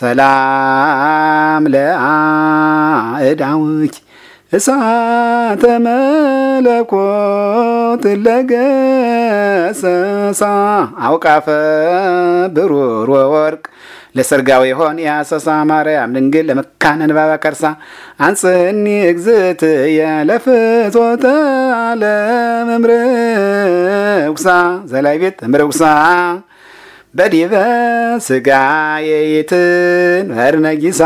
ሰላም ለአእዳውኪ እሳተ መለኮት ለገሰሳ አውቃፈ ብሩር ወወርቅ ለሰርጋዊ ሆን ያሰሳ ማርያም ድንግል ለመካነ ንባባ ከርሳ አንጽኒ እግዝት ለፍትወተ ዓለም እምርኩሳ ዘላይ ቤት እምርኩሳ በዲበ ስጋ የይትን ነጊሳ